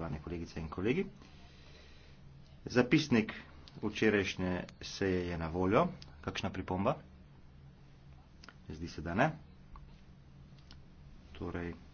spoštovane kolegice in kolegi. Zapisnik včerajšnje seje je na voljo. Kakšna pripomba? Zdi se, da ne. Torej,